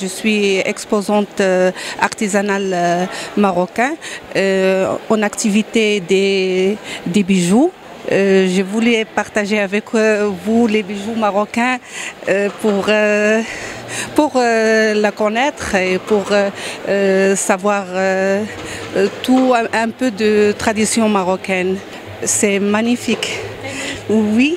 Je suis exposante euh, artisanale euh, marocaine euh, en activité des, bijoux. je voulais partager avec vous les bijoux marocains pour, pour la connaître et pour savoir tout un, peu de tradition marocaine. C'est magnifique. Oui.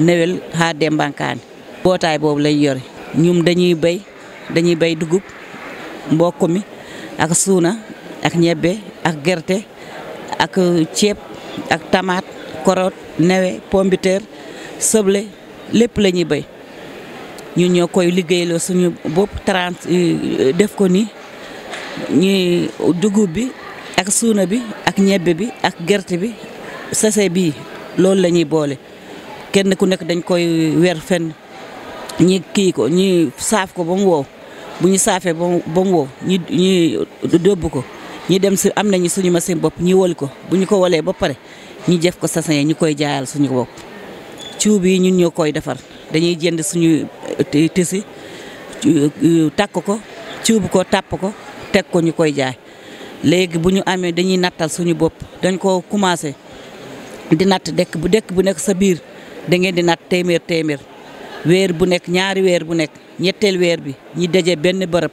newel xaa dembankaane bootaay boobu lañ yore ñum dañuy bay dañuy bay dugub mbokk mi ak suuna ak ñebbe ak gerte ak ceeb ak tamaat korot newe pombiteer soble lépp lañuy bay béy ñun ñoo koy liggéeyloo suñu bopp euh, euh, ko ni ñuy dugub bi ak suuna bi ak ñebbe bi ak gerte bi sase bii loolu la ñuy boole kenn ku nekk dañ koy weer fenn ñi kii ko ñi saaf ko ba mu wow bu ñu saafee ba mu wow ñi ñi dëbb ko ñi dem si am nañ suñu machine bopp ñi wol ko bu ñu ko wolee ba pare ñi jëf ko sasan ñu koy jaayal suñu bopp cuub yi ñun ñoo koy defar dañuy jënd suñu tisi takk ko cuub ko tàpp ko teg ko ñu koy jaay léegi bu ñu amee dañuy nattal suñu bopp dañ koo commencé di natt dekk bu dekk bu nekk sa biir da ngeen di natt téeméer téeméer weer bu nekk ñaari weer bu nekk ñetteel weer bi ñi daje benn bërëb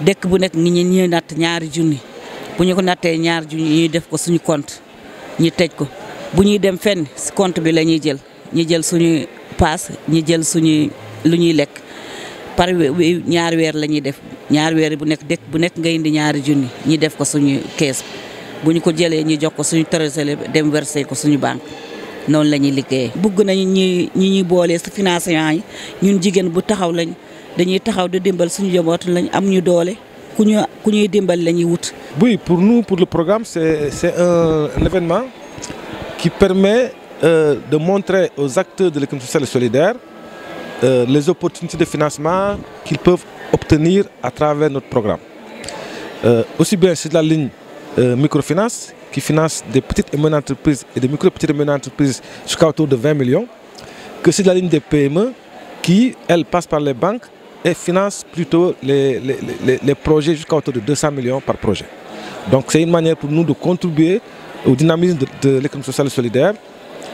dëkk bu nekk nit ñi ñuy natt ñaari junni bu ñu ko nattee ñaar junni ñuy def ko suñu compte ñu tëj ko bu ñuy dem fenn si bi la ñuy jël ñu jël suñu paas ñu jël suñu lu ñuy lekk par ñaari weer la ñuy def ñaari weer bu nekk dëkk bu nekk nga indi ñaari junni ñi def ko suñu kees bu ñu ko jëlee ñu jox ko suñu trésorier dem versé ko suñu banque. non lañuy ñuy liggéeyee. bugg nañu ñi ñi ñuy boole si financement yi ñun jigéen bu taxaw lañ dañuy taxaw di dimbal suñu jaboot lañ am ñu doole ku ñu dimbal lañuy wut. oui pour nous pour le programme c'est c'est un événement qui permet euh, de montrer aux acteurs de l'économie sociale et solidaire euh, les opportunités de financement qu'ils peuvent obtenir à travers notre programme. Euh, aussi bien sur la ligne euh, microfinance qui finance des petites et moyennes entreprises et des micro-petites et moyennes entreprises jusqu'à autour de 20 millions, que c'est la ligne des PME qui, elle, passe par les banques et finance plutôt les, projets jusqu'à autour de 200 millions par projet. Donc c'est une manière pour nous de contribuer au dynamisme de, l'économie sociale et solidaire,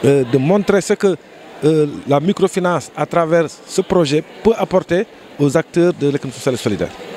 euh, de montrer ce que euh, la microfinance à travers ce projet peut apporter aux acteurs de l'économie sociale et solidaire.